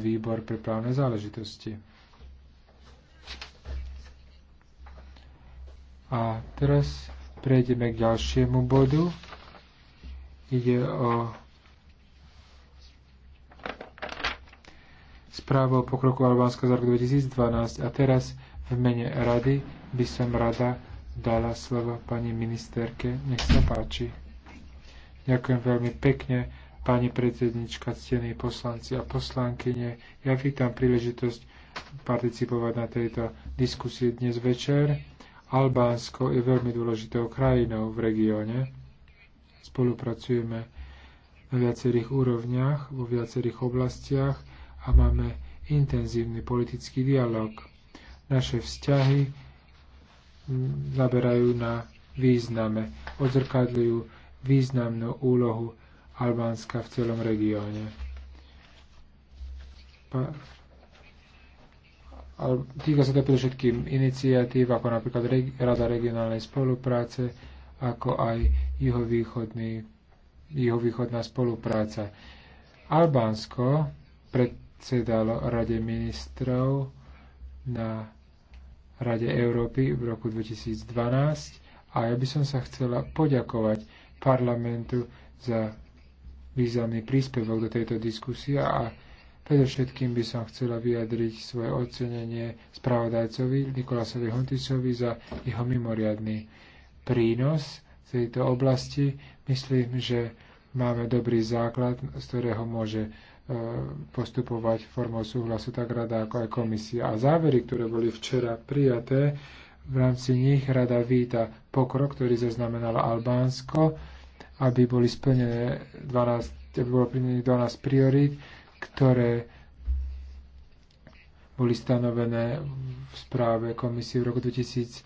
výbor pre právne záležitosti. A teraz prejdeme k ďalšiemu bodu. Ide o správu o pokroku Albánska za rok 2012. A teraz v mene rady by som rada dala slovo pani ministerke. Nech sa páči. Ďakujem veľmi pekne, Pani predsednička, ctení poslanci a poslankyne, ja vítam príležitosť participovať na tejto diskusii dnes večer. Albánsko je veľmi dôležitou krajinou v regióne. Spolupracujeme na viacerých úrovniach, vo viacerých oblastiach a máme intenzívny politický dialog. Naše vzťahy zaberajú na význame, odzrkadľujú významnú úlohu Albánska v celom regióne. Pa... Týka sa to predovšetkým iniciatív, ako napríklad Rada regionálnej spolupráce, ako aj juhovýchodný, juhovýchodná spolupráca. Albánsko predsedalo Rade ministrov na Rade Európy v roku 2012 a ja by som sa chcela poďakovať parlamentu za významný príspevok do tejto diskusie a predovšetkým by som chcela vyjadriť svoje ocenenie spravodajcovi Nikolasovi Huntisovi za jeho mimoriadný prínos v tejto oblasti. Myslím, že máme dobrý základ, z ktorého môže e, postupovať formou súhlasu tak rada ako aj komisia. A závery, ktoré boli včera prijaté, v rámci nich rada víta pokrok, ktorý zaznamenalo Albánsko aby boli splnené 12, aby bolo plnených 12 priorít, ktoré boli stanovené v správe komisie v roku 2010.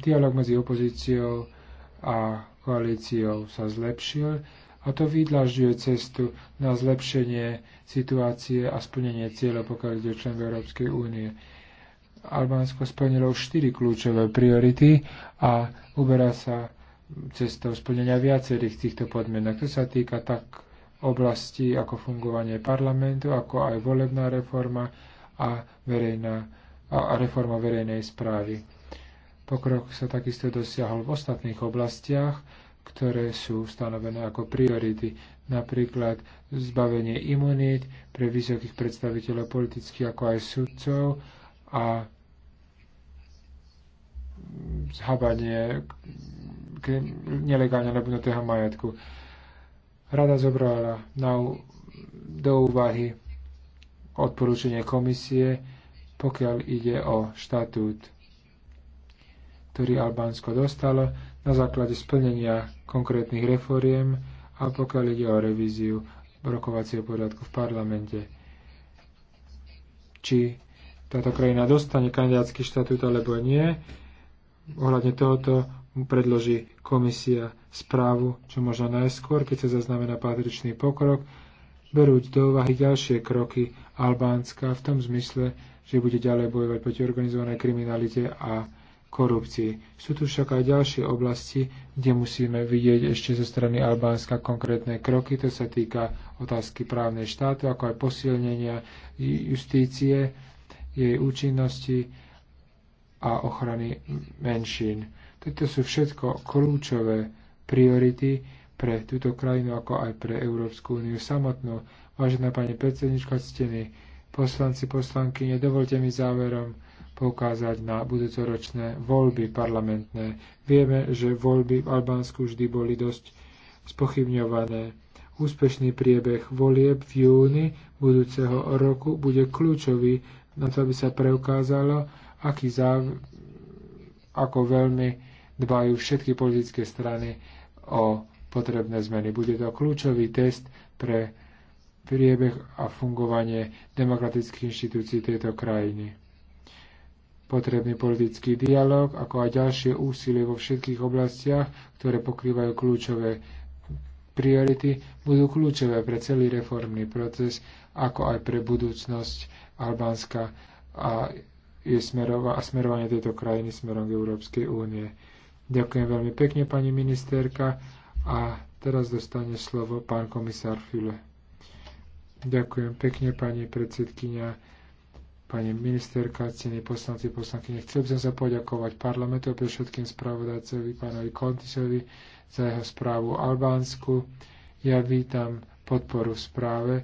Dialóg medzi opozíciou a koalíciou sa zlepšil a to vydlažuje cestu na zlepšenie situácie a splnenie cieľov, pokiaľ ide členov Európskej únie. Albánsko splnilo už 4 kľúčové priority a uberá sa cestou splnenia viacerých týchto podmienok. To sa týka tak oblasti ako fungovanie parlamentu, ako aj volebná reforma a, verejná, a reforma verejnej správy. Pokrok sa takisto dosiahol v ostatných oblastiach, ktoré sú stanovené ako priority, napríklad zbavenie imunít pre vysokých predstaviteľov politických ako aj sudcov a zhabanie k nelegálne nabudnutého majetku. Rada zobrala na, do úvahy odporúčanie komisie, pokiaľ ide o štatút, ktorý Albánsko dostalo na základe splnenia konkrétnych reforiem a pokiaľ ide o revíziu rokovacieho poriadku v parlamente. Či táto krajina dostane kandidátsky štatút alebo nie, ohľadne tohoto predloží komisia správu, čo možno najskôr, keď sa zaznamená patričný pokrok, berúť do úvahy ďalšie kroky Albánska v tom zmysle, že bude ďalej bojovať proti organizovanej kriminalite a korupcii. Sú tu však aj ďalšie oblasti, kde musíme vidieť ešte zo strany Albánska konkrétne kroky. To sa týka otázky právnej štátu, ako aj posilnenia justície, jej účinnosti a ochrany menšín. Toto sú všetko kľúčové priority pre túto krajinu, ako aj pre Európsku úniu samotnú. Vážená pani predsednička, ctení poslanci, poslanky, nedovolte mi záverom poukázať na budúcoročné voľby parlamentné. Vieme, že voľby v Albánsku vždy boli dosť spochybňované. Úspešný priebeh volieb v júni budúceho roku bude kľúčový na to, aby sa preukázalo, aký záv- ako veľmi dbajú všetky politické strany o potrebné zmeny. Bude to kľúčový test pre priebeh a fungovanie demokratických inštitúcií tejto krajiny. Potrebný politický dialog, ako aj ďalšie úsilie vo všetkých oblastiach, ktoré pokrývajú kľúčové priority, budú kľúčové pre celý reformný proces, ako aj pre budúcnosť Albánska a, je smerova- a smerovanie tejto krajiny smerom k Európskej únie. Ďakujem veľmi pekne, pani ministerka. A teraz dostane slovo pán komisár File. Ďakujem pekne, pani predsedkynia pani ministerka, cení poslanci, poslankyne. Chcel by som sa poďakovať parlamentu, pre všetkým spravodajcovi, pánovi Kontisovi, za jeho správu Albánsku. Ja vítam podporu v správe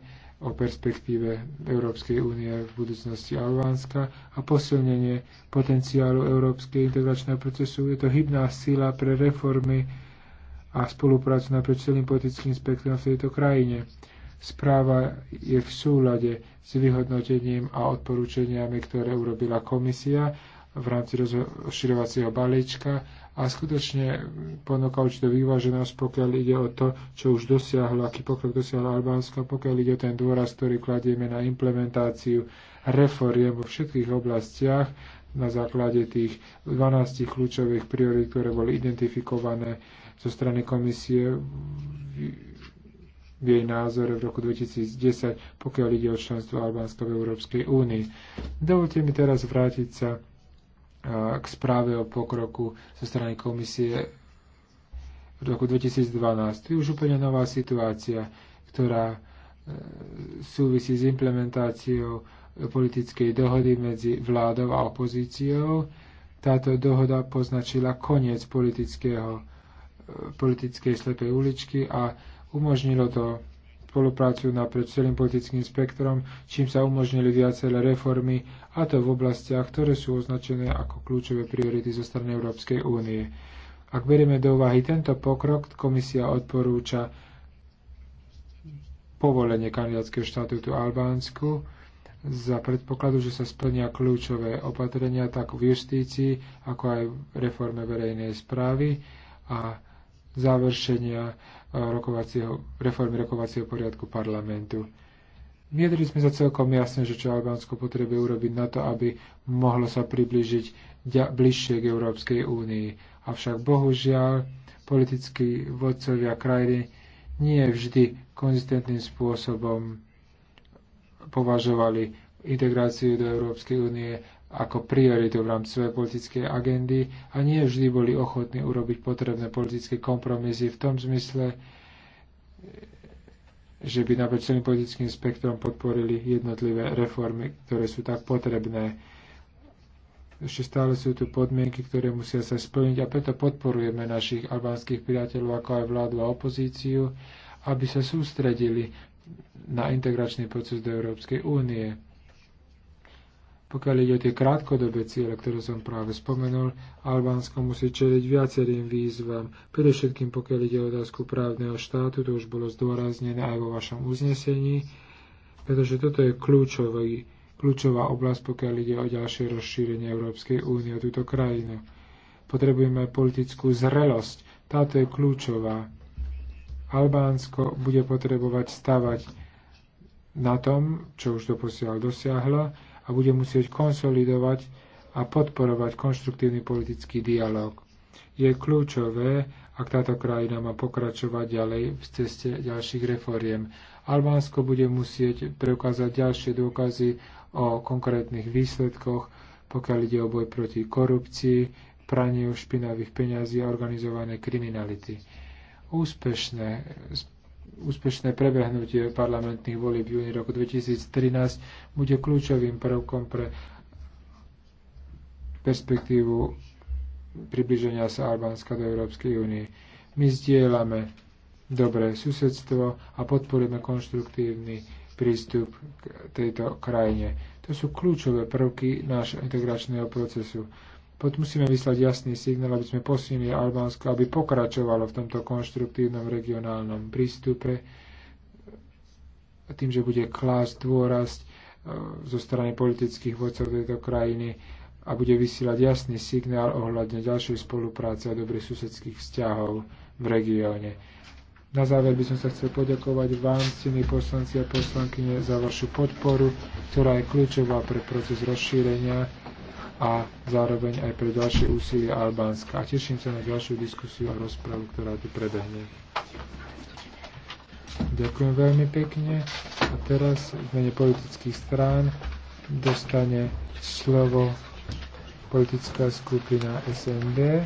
o perspektíve Európskej únie v budúcnosti Albánska a posilnenie potenciálu Európskej integračného procesu. Je to hybná sila pre reformy a spoluprácu naprieč celým politickým spektrom v tejto krajine. Správa je v súlade s vyhodnotením a odporúčeniami, ktoré urobila komisia v rámci rozširovacieho balíčka a skutočne ponúka určitú vyváženosť, pokiaľ ide o to, čo už dosiahlo, aký pokrok dosiahlo Albánsko, pokiaľ ide o ten dôraz, ktorý kladieme na implementáciu reforiem vo všetkých oblastiach na základe tých 12 kľúčových priorít, ktoré boli identifikované zo strany komisie v jej názore v roku 2010, pokiaľ ide o členstvo Albánska v Európskej únii. Dovolte mi teraz vrátiť sa k správe o pokroku zo strany komisie v roku 2012. To je už úplne nová situácia, ktorá e, súvisí s implementáciou politickej dohody medzi vládou a opozíciou. Táto dohoda poznačila koniec e, politickej slepej uličky a umožnilo to spoluprácu naprieč celým politickým spektrom, čím sa umožnili viaceré reformy, a to v oblastiach, ktoré sú označené ako kľúčové priority zo strany Európskej únie. Ak berieme do úvahy tento pokrok, komisia odporúča povolenie kandidátskeho štatútu Albánsku, za predpokladu, že sa splnia kľúčové opatrenia tak v justícii, ako aj v reforme verejnej správy a završenia e, rokovacieho, reformy rokovacieho poriadku parlamentu. Viedli sme sa celkom jasne, že čo Albánsko potrebuje urobiť na to, aby mohlo sa priblížiť bližšie k Európskej únii. Avšak bohužiaľ politickí vodcovia krajiny nie vždy konzistentným spôsobom považovali integráciu do Európskej únie ako prioritu v rámci svojej politickej agendy a nie vždy boli ochotní urobiť potrebné politické kompromisy v tom zmysle, že by napriek celým politickým spektrom podporili jednotlivé reformy, ktoré sú tak potrebné. Ešte stále sú tu podmienky, ktoré musia sa splniť a preto podporujeme našich albánskych priateľov, ako aj vládu a opozíciu, aby sa sústredili na integračný proces do Európskej únie pokiaľ ide o tie krátkodobé ciele, ktoré som práve spomenul, Albánsko musí čeliť viacerým výzvam. Predovšetkým pokiaľ ide o otázku právneho štátu, to už bolo zdôraznené aj vo vašom uznesení, pretože toto je kľúčový, kľúčová oblasť, pokiaľ ide o ďalšie rozšírenie Európskej únie o túto krajinu. Potrebujeme politickú zrelosť. Táto je kľúčová. Albánsko bude potrebovať stavať na tom, čo už doposiaľ dosiahlo, a bude musieť konsolidovať a podporovať konštruktívny politický dialog. Je kľúčové, ak táto krajina má pokračovať ďalej v ceste ďalších reforiem. Albánsko bude musieť preukázať ďalšie dôkazy o konkrétnych výsledkoch, pokiaľ ide o boj proti korupcii, praniu špinavých peňazí a organizovanej kriminality. Úspešné úspešné prebehnutie parlamentných volieb v júni roku 2013 bude kľúčovým prvkom pre perspektívu približenia sa Albánska do Európskej únie. My zdieľame dobré susedstvo a podporujeme konštruktívny prístup k tejto krajine. To sú kľúčové prvky nášho integračného procesu musíme vyslať jasný signál, aby sme posunili Albánsko, aby pokračovalo v tomto konštruktívnom regionálnom prístupe, tým, že bude klásť dôraz e, zo strany politických vodcov tejto krajiny a bude vysielať jasný signál ohľadne ďalšej spolupráce a dobrých susedských vzťahov v regióne. Na záver by som sa chcel poďakovať vám, ctení poslanci a poslankyne, za vašu podporu, ktorá je kľúčová pre proces rozšírenia a zároveň aj pre ďalšie úsilie Albánska. A teším sa na ďalšiu diskusiu a rozpravu, ktorá tu prebehne. Ďakujem veľmi pekne. A teraz v mene politických strán dostane slovo politická skupina SND.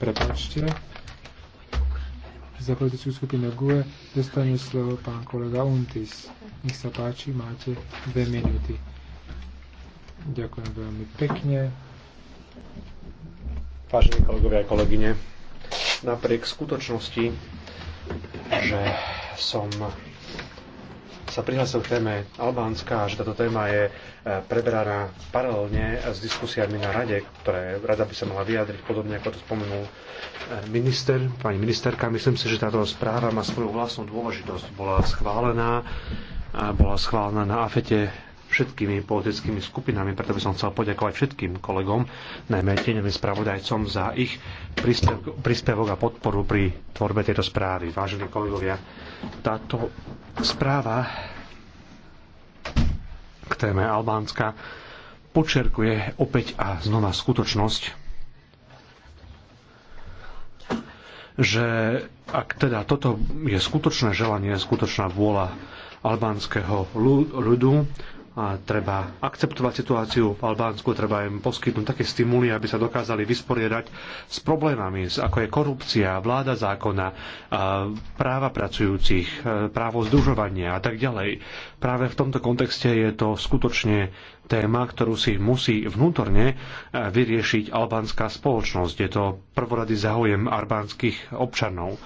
Prepačte. Za politickú skupinu GUE dostane slovo pán kolega Untis. Nech sa páči, máte dve minúty. Ďakujem veľmi pekne. Vážení kolegovia a kolegyne, napriek skutočnosti, že som sa prihlásil k téme Albánska a že táto téma je e, preberaná paralelne s diskusiami na rade, ktoré rada by sa mala vyjadriť, podobne ako to spomenul e, minister, pani ministerka. Myslím si, že táto správa má svoju vlastnú dôležitosť. Bola schválená, bola schválená na AFETE všetkými politickými skupinami, preto by som chcel poďakovať všetkým kolegom, najmä tieňovým spravodajcom za ich príspevok a podporu pri tvorbe tejto správy. Vážení kolegovia, táto správa k téme Albánska počerkuje opäť a znova skutočnosť, že ak teda toto je skutočné želanie, skutočná vôľa albánskeho ľudu, a treba akceptovať situáciu v Albánsku, treba im poskytnúť také stimuly, aby sa dokázali vysporiadať s problémami, ako je korupcia, vláda zákona, práva pracujúcich, e, právo združovania a tak ďalej. Práve v tomto kontexte je to skutočne téma, ktorú si musí vnútorne e, vyriešiť albánska spoločnosť. Je to prvorady záujem albánskych občanov.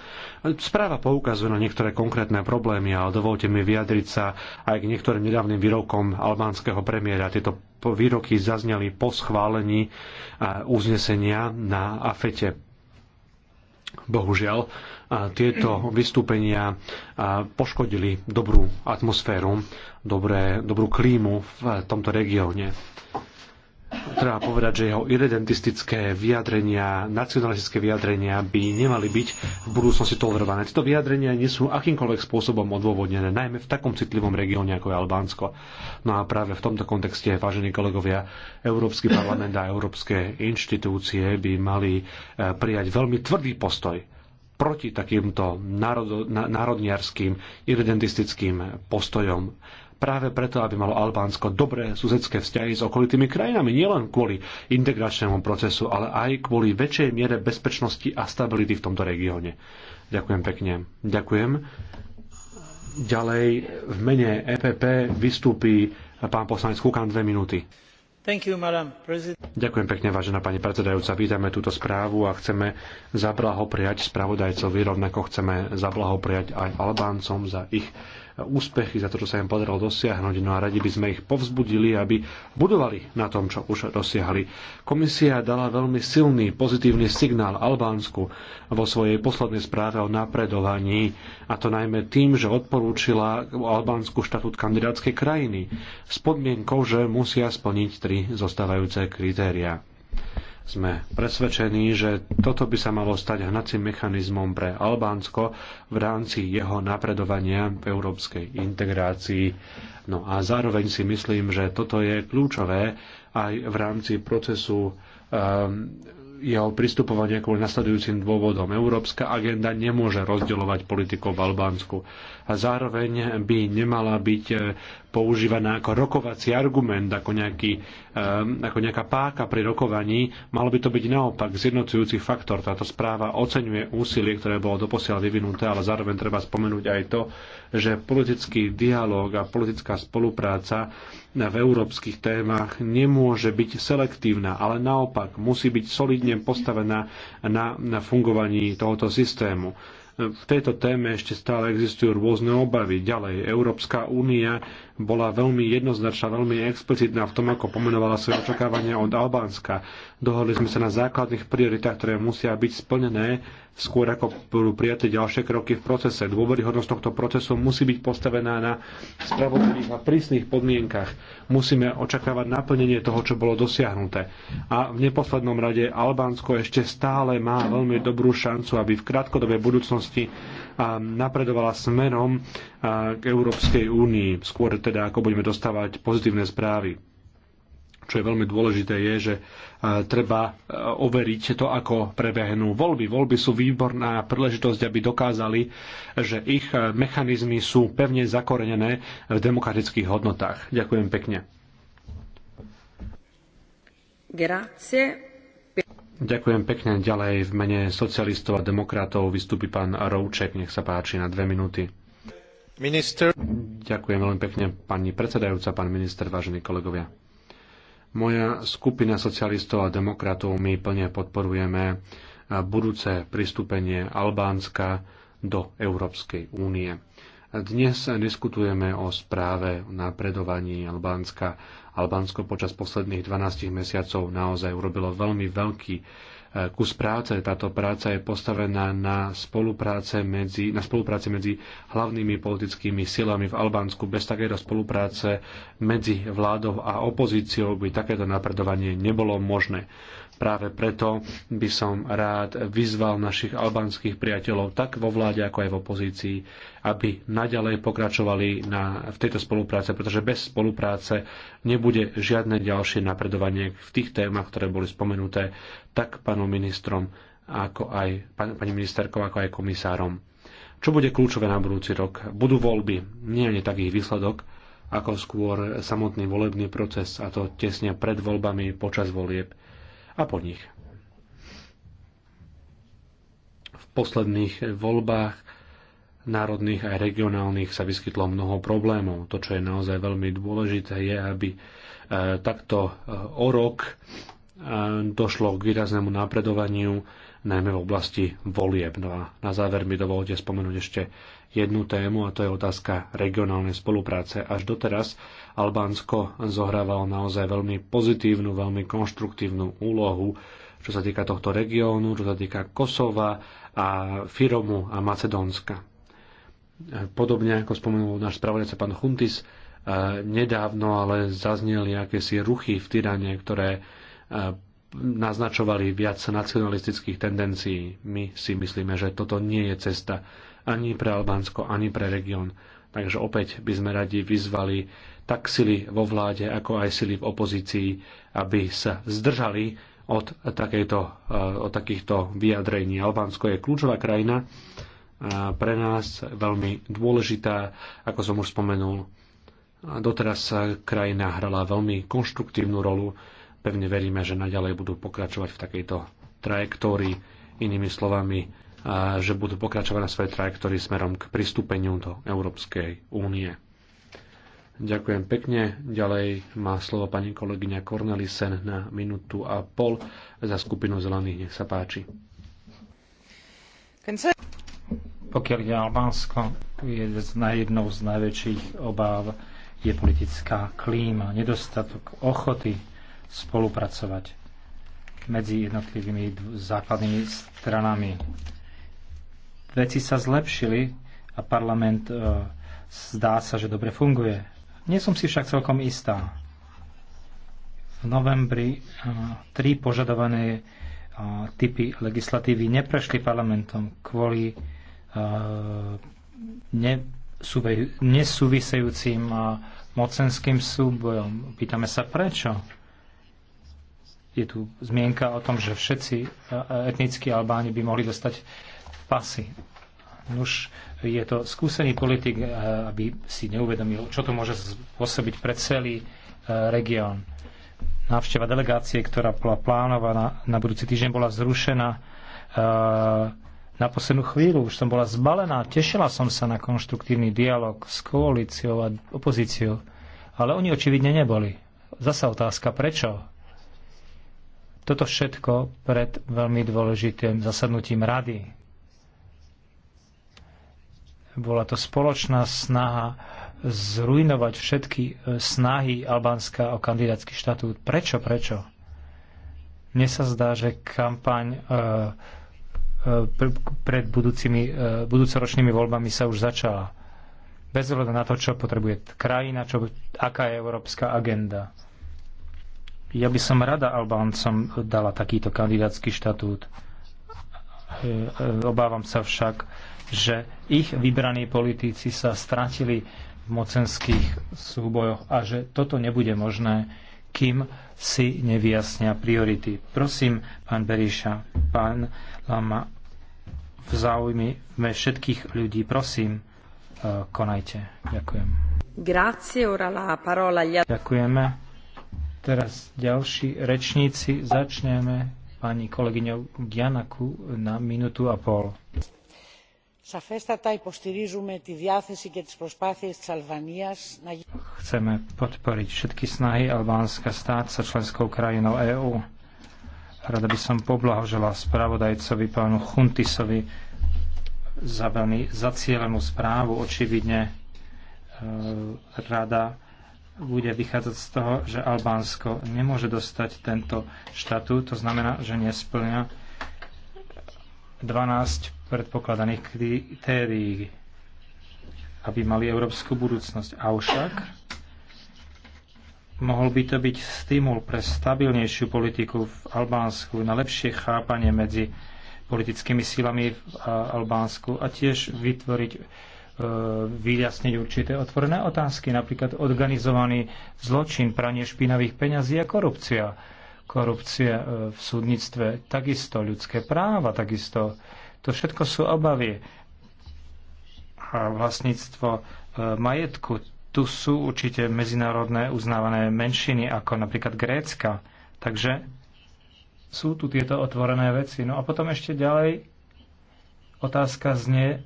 Správa poukazuje na niektoré konkrétne problémy, ale dovolte mi vyjadriť sa aj k niektorým nedávnym výrokom albánskeho premiéra. Tieto výroky zazneli po schválení e, uznesenia na AFETE. Bohužiaľ, tieto vystúpenia poškodili dobrú atmosféru, dobré, dobrú klímu v tomto regióne. Treba povedať, že jeho irredentistické vyjadrenia, nacionalistické vyjadrenia by nemali byť v budúcnosti tolerované. Tieto vyjadrenia nie sú akýmkoľvek spôsobom odôvodnené, najmä v takom citlivom regióne ako je Albánsko. No a práve v tomto kontexte, vážení kolegovia, Európsky parlament a európske inštitúcie by mali eh, prijať veľmi tvrdý postoj proti takýmto národniarským, irredentistickým postojom práve preto, aby malo Albánsko dobré susedské vzťahy s okolitými krajinami, nielen kvôli integračnému procesu, ale aj kvôli väčšej miere bezpečnosti a stability v tomto regióne. Ďakujem pekne. Ďakujem. Ďalej v mene EPP vystúpi pán poslanec Kukan dve minúty. Ďakujem pekne, vážená pani predsedajúca. Vítame túto správu a chceme zablahopriať spravodajcovi, rovnako chceme zablahopriať aj Albáncom za ich úspechy, za to, čo sa im podarilo dosiahnuť. No a radi by sme ich povzbudili, aby budovali na tom, čo už dosiahli. Komisia dala veľmi silný pozitívny signál Albánsku vo svojej poslednej správe o napredovaní, a to najmä tým, že odporúčila Albánsku štatút kandidátskej krajiny s podmienkou, že musia splniť tri zostávajúce kritéria. Sme presvedčení, že toto by sa malo stať hnacím mechanizmom pre Albánsko v rámci jeho napredovania v európskej integrácii. No a zároveň si myslím, že toto je kľúčové aj v rámci procesu um, jeho pristupovania kvôli nasledujúcim dôvodom. Európska agenda nemôže rozdeľovať politikov v Albánsku. A zároveň by nemala byť používaná ako rokovací argument, ako, nejaký, ehm, ako nejaká páka pri rokovaní. Malo by to byť naopak zjednocujúci faktor. Táto správa oceňuje úsilie, ktoré bolo doposiaľ vyvinuté, ale zároveň treba spomenúť aj to, že politický dialog a politická spolupráca v európskych témach nemôže byť selektívna, ale naopak musí byť solidne postavená na, na fungovaní tohoto systému v tejto téme ešte stále existujú rôzne obavy. Ďalej, Európska únia bola veľmi jednoznačná, veľmi explicitná v tom, ako pomenovala svoje očakávania od Albánska. Dohodli sme sa na základných prioritách, ktoré musia byť splnené skôr ako budú prijaté ďalšie kroky v procese. Dôveryhodnosť tohto procesu musí byť postavená na spravodlivých a prísnych podmienkach. Musíme očakávať naplnenie toho, čo bolo dosiahnuté. A v neposlednom rade Albánsko ešte stále má veľmi dobrú šancu, aby v krátkodobej budúcnosti minulosti napredovala smerom k Európskej únii, skôr teda ako budeme dostávať pozitívne správy čo je veľmi dôležité, je, že treba overiť to, ako prebehnú voľby. Voľby sú výborná príležitosť, aby dokázali, že ich mechanizmy sú pevne zakorenené v demokratických hodnotách. Ďakujem pekne. Grazie. Ďakujem pekne. Ďalej v mene socialistov a demokratov vystúpi pán Rouček. Nech sa páči na dve minúty. Minister. Ďakujem veľmi pekne, pani predsedajúca, pán minister, vážení kolegovia. Moja skupina socialistov a demokratov my plne podporujeme budúce pristúpenie Albánska do Európskej únie. Dnes diskutujeme o správe o napredovaní Albánska. Albánsko počas posledných 12 mesiacov naozaj urobilo veľmi veľký e, kus práce. Táto práca je postavená na spolupráce medzi, na spolupráci medzi hlavnými politickými silami v Albánsku. Bez takéto spolupráce medzi vládou a opozíciou by takéto napredovanie nebolo možné. Práve preto by som rád vyzval našich albánskych priateľov tak vo vláde, ako aj v opozícii, aby naďalej pokračovali na, v tejto spolupráce, pretože bez spolupráce nebude žiadne ďalšie napredovanie v tých témach, ktoré boli spomenuté tak pánom ministrom, ako aj pani ministerkou, ako aj komisárom. Čo bude kľúčové na budúci rok? Budú voľby, nie je taký výsledok, ako skôr samotný volebný proces, a to tesne pred voľbami, počas volieb a po nich. V posledných voľbách národných a regionálnych sa vyskytlo mnoho problémov. To, čo je naozaj veľmi dôležité, je, aby e, takto e, o rok e, došlo k výraznému napredovaniu najmä v oblasti volieb. No a na záver mi dovolte spomenúť ešte jednu tému a to je otázka regionálnej spolupráce. Až doteraz Albánsko zohrávalo naozaj veľmi pozitívnu, veľmi konštruktívnu úlohu, čo sa týka tohto regiónu, čo sa týka Kosova a Firomu a Macedónska. Podobne ako spomenul náš spravodajca pán Huntis, eh, nedávno ale zazneli akési ruchy v Tyrane, ktoré eh, naznačovali viac nacionalistických tendencií. My si myslíme, že toto nie je cesta ani pre Albánsko, ani pre región. Takže opäť by sme radi vyzvali tak sily vo vláde, ako aj sily v opozícii, aby sa zdržali od, takejto, eh, od takýchto vyjadrení. Albánsko je kľúčová krajina, eh, pre nás veľmi dôležitá, ako som už spomenul. Doteraz krajina hrala veľmi konštruktívnu rolu Pevne veríme, že naďalej budú pokračovať v takejto trajektórii, inými slovami, že budú pokračovať na svojej trajektórii smerom k pristúpeniu do Európskej únie. Ďakujem pekne. Ďalej má slovo pani kolegyňa Cornelisen na minútu a pol za skupinu zelených. Nech sa páči. Pokiaľ je Albánsko, je jednou z najväčších obáv je politická klíma, nedostatok ochoty spolupracovať medzi jednotlivými základnými stranami. Veci sa zlepšili a parlament e, zdá sa, že dobre funguje. Nie som si však celkom istá. V novembri e, tri požadované e, typy legislatívy neprešli parlamentom kvôli e, nesúvisejúcim nesúvisejúcim mocenským súbojom. Pýtame sa prečo je tu zmienka o tom, že všetci e, etnickí Albáni by mohli dostať pasy. Nuž, je to skúsený politik, e, aby si neuvedomil, čo to môže spôsobiť pre celý e, región. Návšteva delegácie, ktorá bola plánovaná na budúci týždeň, bola zrušená na poslednú chvíľu. Už som bola zbalená, tešila som sa na konštruktívny dialog s koalíciou a opozíciou, ale oni očividne neboli. Zasa otázka, prečo? Toto všetko pred veľmi dôležitým zasadnutím rady. Bola to spoločná snaha zrujnovať všetky e, snahy Albánska o kandidátsky štatút. Prečo, prečo? Mne sa zdá, že kampaň e, e, pred budúcimi, budúcoročnými voľbami sa už začala. Bez ohľadu na to, čo potrebuje krajina, čo, aká je európska agenda. Ja by som rada Albáncom dala takýto kandidátsky štatút. E, obávam sa však, že ich vybraní politici sa stratili v mocenských súbojoch a že toto nebude možné, kým si nevyjasnia priority. Prosím, pán Beríša, pán Lama, v záujme všetkých ľudí, prosím, e, konajte. Ďakujem. Grazie, ora la parola. Ďakujeme. Teraz ďalší rečníci. Začneme pani kolegyňou Gianaku na minútu a pol. Chceme podporiť všetky snahy Albánska stáť sa členskou krajinou EÚ. Rada by som poblahožela spravodajcovi pánu Chuntisovi za veľmi zacielenú správu. Očividne e, rada bude vychádzať z toho, že Albánsko nemôže dostať tento štatút, to znamená, že nesplňa 12 predpokladaných kritérií, aby mali európsku budúcnosť. Avšak mohol by to byť stimul pre stabilnejšiu politiku v Albánsku, na lepšie chápanie medzi politickými silami v Albánsku a tiež vytvoriť vyjasniť určité otvorené otázky, napríklad organizovaný zločin, pranie špinavých peňazí a korupcia. Korupcia e, v súdnictve, takisto ľudské práva, takisto. To všetko sú obavy. A vlastníctvo e, majetku. Tu sú určite medzinárodné uznávané menšiny, ako napríklad Grécka. Takže sú tu tieto otvorené veci. No a potom ešte ďalej otázka znie,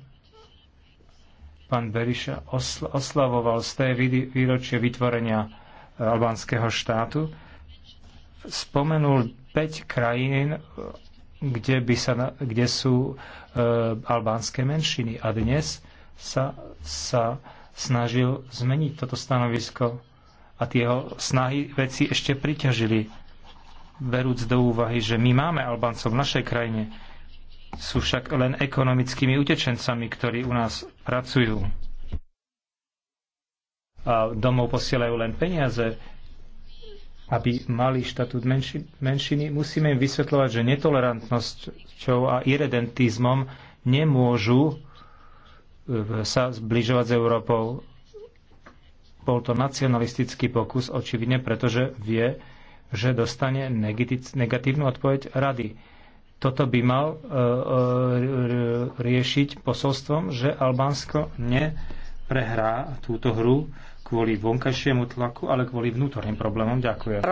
pán Beriša osl- oslavoval z té výročie vytvorenia e, albánskeho štátu. Spomenul 5 krajín, e, kde, by sa, kde sú e, albánske menšiny. A dnes sa, sa snažil zmeniť toto stanovisko a tie jeho snahy veci ešte priťažili, berúc do úvahy, že my máme Albáncov v našej krajine, sú však len ekonomickými utečencami, ktorí u nás pracujú. A domov posielajú len peniaze, aby mali štatút menši, menšiny, musíme im vysvetľovať, že netolerantnosťou a iredentizmom nemôžu e, sa zbližovať s Európou. Bol to nacionalistický pokus, očividne, pretože vie, že dostane negatívnu odpoveď rady toto by mal e, e, riešiť posolstvom, že Albánsko neprehrá túto hru kvôli vonkajšiemu tlaku, ale kvôli vnútorným problémom. Ďakujem.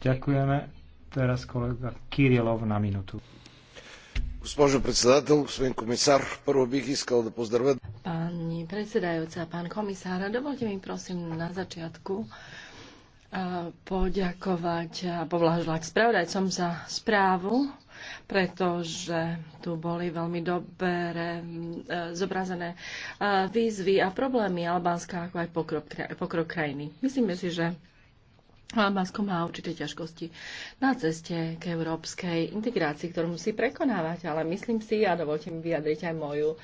Ďakujeme. Teraz kolega Kirilov na minútu. Госпожо председател, господин комисар, първо бих искал да поздравя... Pani predsedajúca, pán komisár, dovolte mi prosím na začiatku e, poďakovať a povlažovať spravodajcom за справу, pretože tu boli veľmi dobre zobrazené e, výzvy a problémy Albánska, ako aj pokrok, pokrok krajiny. Myslíme si, že Albánsko má určité ťažkosti na ceste k európskej integrácii, ktorú musí prekonávať, ale myslím si, a dovolte mi vyjadriť aj moju,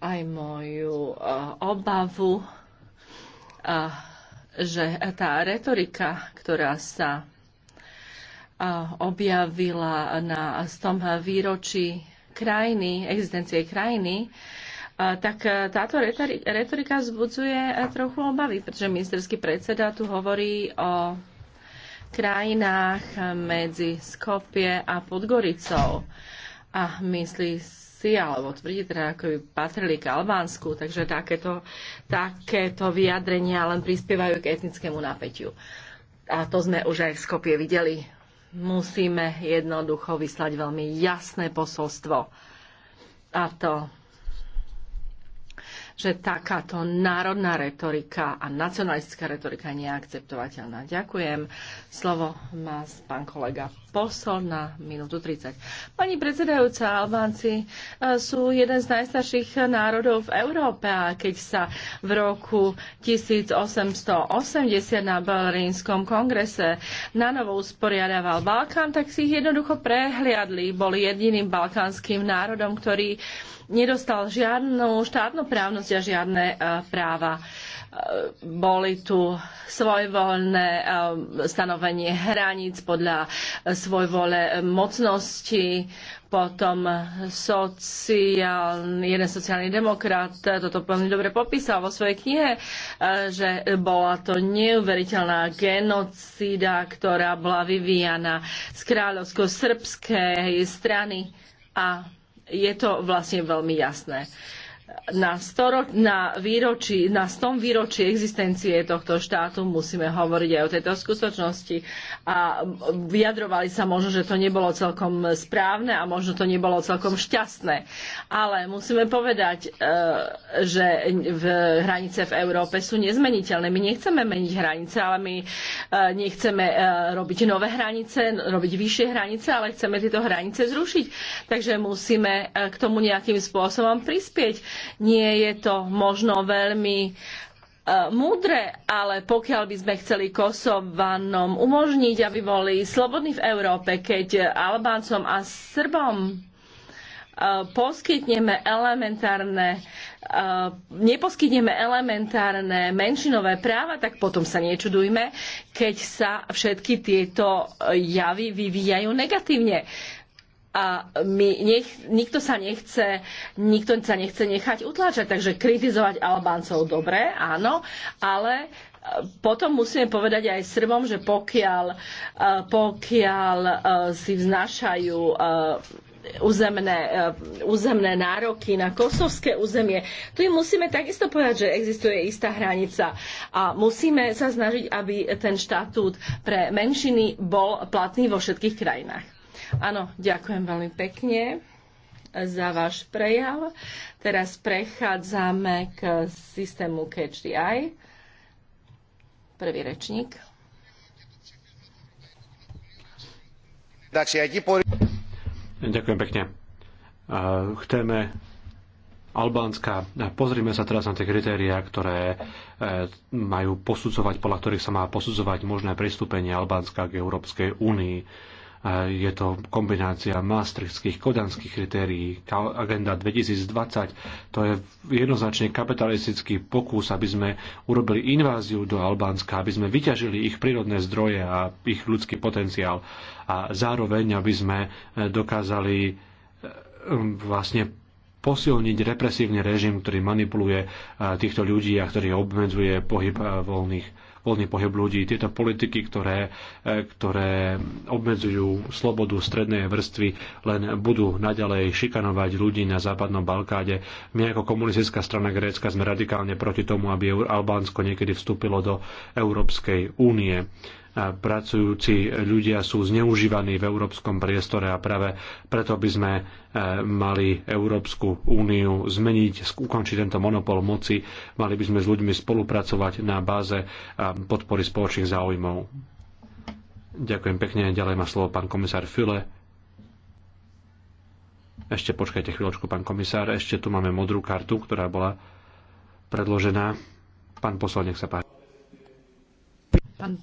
aj moju uh, obavu, uh, že tá retorika, ktorá sa objavila na tom výročí krajiny, existencie krajiny, tak táto retorika vzbudzuje trochu obavy, pretože ministerský predseda tu hovorí o krajinách medzi Skopie a Podgoricou. A myslí si, alebo tvrdí teda, ako by patrili k Albánsku, takže takéto, takéto vyjadrenia len prispievajú k etnickému napätiu. A to sme už aj v Skopie videli musíme jednoducho vyslať veľmi jasné posolstvo. A to, že takáto národná retorika a nacionalistická retorika je neakceptovateľná. Ďakujem. Slovo má pán kolega posol na minútu 30. Pani predsedajúca, Albánci e, sú jeden z najstarších národov v Európe a keď sa v roku 1880 na Berlínskom kongrese na novo usporiadaval Balkán, tak si ich jednoducho prehliadli. Boli jediným balkánskym národom, ktorý nedostal žiadnu štátnu právnosť a žiadne e, práva e, boli tu svojvoľné stanovenie hraníc podľa svojvole mocnosti, potom sociálny, jeden sociálny demokrat toto veľmi dobre popísal vo svojej knihe, e, že bola to neuveriteľná genocída, ktorá bola vyvíjana z kráľovsko-srbskej strany a je to vlastne veľmi jasné na, storo, na, výročí, na 100 výročí existencie tohto štátu musíme hovoriť aj o tejto skutočnosti. A vyjadrovali sa možno, že to nebolo celkom správne a možno to nebolo celkom šťastné. Ale musíme povedať, e, že v hranice v Európe sú nezmeniteľné. My nechceme meniť hranice, ale my e, nechceme e, robiť nové hranice, robiť vyššie hranice, ale chceme tieto hranice zrušiť. Takže musíme k tomu nejakým spôsobom prispieť nie je to možno veľmi e, múdre, ale pokiaľ by sme chceli Kosovanom umožniť, aby boli slobodní v Európe, keď Albáncom a Srbom e, poskytneme elementárne e, neposkytneme elementárne menšinové práva, tak potom sa nečudujme, keď sa všetky tieto javy vyvíjajú negatívne a my nech, nikto sa nechce nikto sa nechce nechať utláčať, takže kritizovať Albáncov dobre, áno, ale e, potom musíme povedať aj Srbom, že pokiaľ, e, pokiaľ e, si vznášajú územné, územné nároky na kosovské územie. Tu im musíme takisto povedať, že existuje istá hranica a musíme sa snažiť, aby ten štatút pre menšiny bol platný vo všetkých krajinách. Áno, ďakujem veľmi pekne za váš prejav. Teraz prechádzame k systému Catch the Eye. Prvý rečník. Ďakujem pekne. Chceme Albánska. Pozrime sa teraz na tie kritériá, ktoré e, majú posudzovať, podľa ktorých sa má posudzovať možné pristúpenie Albánska k Európskej únii je to kombinácia maastrichtských, kodanských kritérií, agenda 2020. To je jednoznačne kapitalistický pokus, aby sme urobili inváziu do Albánska, aby sme vyťažili ich prírodné zdroje a ich ľudský potenciál a zároveň, aby sme eh, dokázali eh, vlastne posilniť represívny režim, ktorý manipuluje e, týchto ľudí a ktorý obmedzuje pohyb e, voľných voľný pohyb ľudí, tieto politiky, ktoré, e, ktoré obmedzujú slobodu strednej vrstvy, len budú naďalej šikanovať ľudí na západnom Balkáde. My ako komunistická strana Grécka sme radikálne proti tomu, aby Albánsko niekedy vstúpilo do Európskej únie pracujúci ľudia sú zneužívaní v európskom priestore a práve preto by sme e, mali Európsku úniu zmeniť, ukončiť tento monopol moci, mali by sme s ľuďmi spolupracovať na báze e, podpory spoločných záujmov. Ďakujem pekne, ďalej má slovo pán komisár File. Ešte počkajte chvíľočku, pán komisár, ešte tu máme modrú kartu, ktorá bola predložená. Pán poslanec sa páči. Pán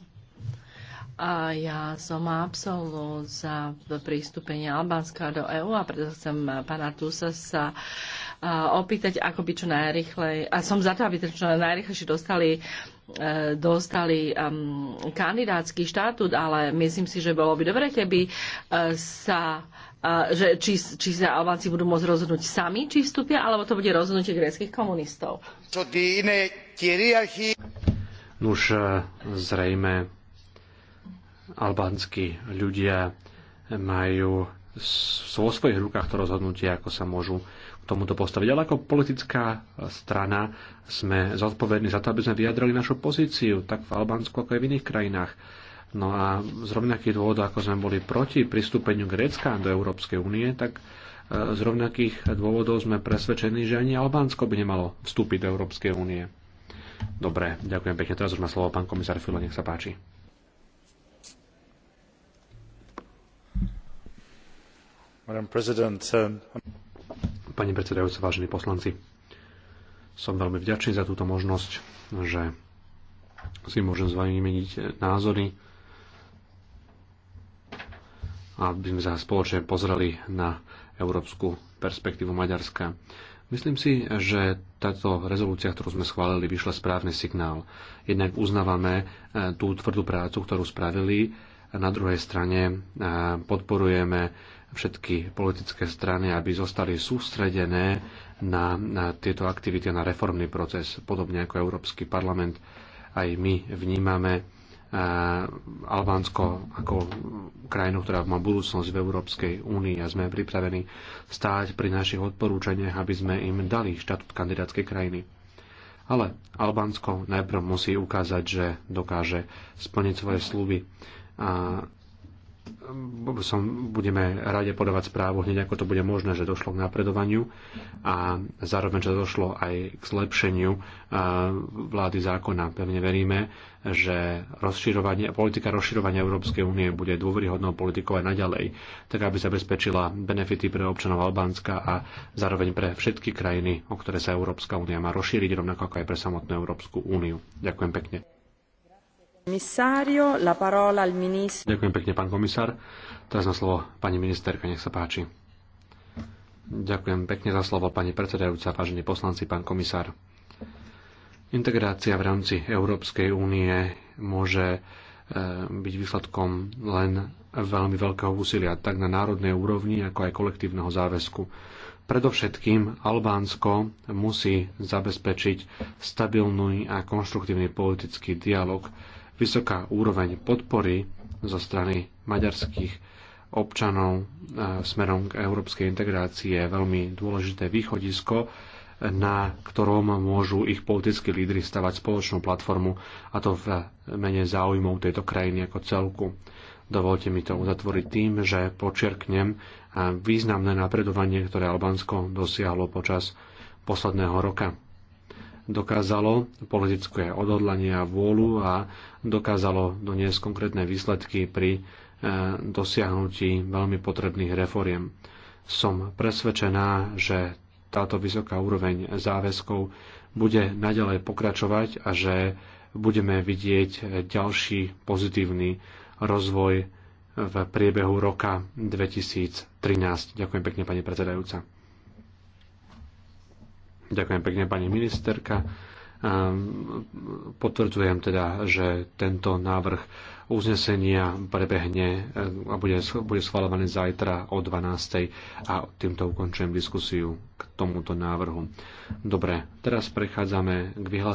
a ja som absolvent za prístupenie Albánska do EÚ a preto chcem pána Tusa sa opýtať, ako by čo najrychlej, a som za to, aby to čo najrychlejšie dostali e, dostali um, kandidátsky štatút, ale myslím si, že bolo by dobre, keby uh, sa uh, že či, či sa Albánci budú môcť rozhodnúť sami, či vstúpia, alebo to bude rozhodnutie gréckých komunistov. Nuž, e, zrejme albánsky ľudia majú vo svojich rukách to rozhodnutie, ako sa môžu k tomuto postaviť. Ale ako politická strana sme zodpovední za to, aby sme vyjadrali našu pozíciu, tak v Albánsku, ako aj v iných krajinách. No a z rovnakých dôvodov, ako sme boli proti pristúpeniu Grécka do Európskej únie, tak e, z rovnakých dôvodov sme presvedčení, že ani Albánsko by nemalo vstúpiť do Európskej únie. Dobre, ďakujem pekne. Teraz už má slovo pán komisár Filo, nech sa páči. Um, Pani predsedajúca, vážení poslanci, som veľmi vďačný za túto možnosť, že si môžem s vami vymeniť názory, aby sme sa spoločne pozreli na európsku perspektívu Maďarska. Myslím si, že táto rezolúcia, ktorú sme schválili, vyšla správny signál. Jednak uznávame eh, tú tvrdú prácu, ktorú spravili, a na druhej strane eh, podporujeme všetky politické strany, aby zostali sústredené na, na tieto aktivity, na reformný proces, podobne ako Európsky parlament. Aj my vnímame eh, Albánsko ako krajinu, ktorá má budúcnosť v Európskej únii a sme pripravení stáť pri našich odporúčaniach, aby sme im dali štatút kandidátskej krajiny. Ale Albánsko najprv musí ukázať, že dokáže splniť svoje sluby a som, budeme rade podávať správu hneď ako to bude možné, že došlo k napredovaniu a zároveň, že došlo aj k zlepšeniu vlády zákona. Pevne veríme, že rozširovanie, politika rozširovania Európskej únie bude dôveryhodnou politikou aj naďalej, tak aby zabezpečila benefity pre občanov Albánska a zároveň pre všetky krajiny, o ktoré sa Európska únia má rozšíriť, rovnako ako aj pre samotnú Európsku úniu. Ďakujem pekne. Ďakujem pekne, pán komisár. Teraz na slovo pani ministerka, nech sa páči. Ďakujem pekne za slovo, pani predsedajúca, vážení poslanci, pán komisár. Integrácia v rámci Európskej únie môže e, byť výsledkom len veľmi veľkého úsilia, tak na národnej úrovni, ako aj kolektívneho záväzku. Predovšetkým Albánsko musí zabezpečiť stabilný a konštruktívny politický dialog Vysoká úroveň podpory zo strany maďarských občanov e, smerom k európskej integrácii je veľmi dôležité východisko, na ktorom môžu ich politickí lídry stavať spoločnú platformu, a to v mene záujmov tejto krajiny ako celku. Dovolte mi to uzatvoriť tým, že počerknem významné napredovanie, ktoré Albánsko dosiahlo počas posledného roka dokázalo politické odhodlanie a vôľu a dokázalo doniesť konkrétne výsledky pri e, dosiahnutí veľmi potrebných reforiem. Som presvedčená, že táto vysoká úroveň záväzkov bude naďalej pokračovať a že budeme vidieť ďalší pozitívny rozvoj v priebehu roka 2013. Ďakujem pekne, pani predsedajúca. Ďakujem pekne, pani ministerka. Potvrdzujem teda, že tento návrh uznesenia prebehne e, a bude, bude schvalovaný zajtra o 12.00 a týmto ukončujem diskusiu k tomuto návrhu. Dobre, teraz prechádzame k vyhlásení.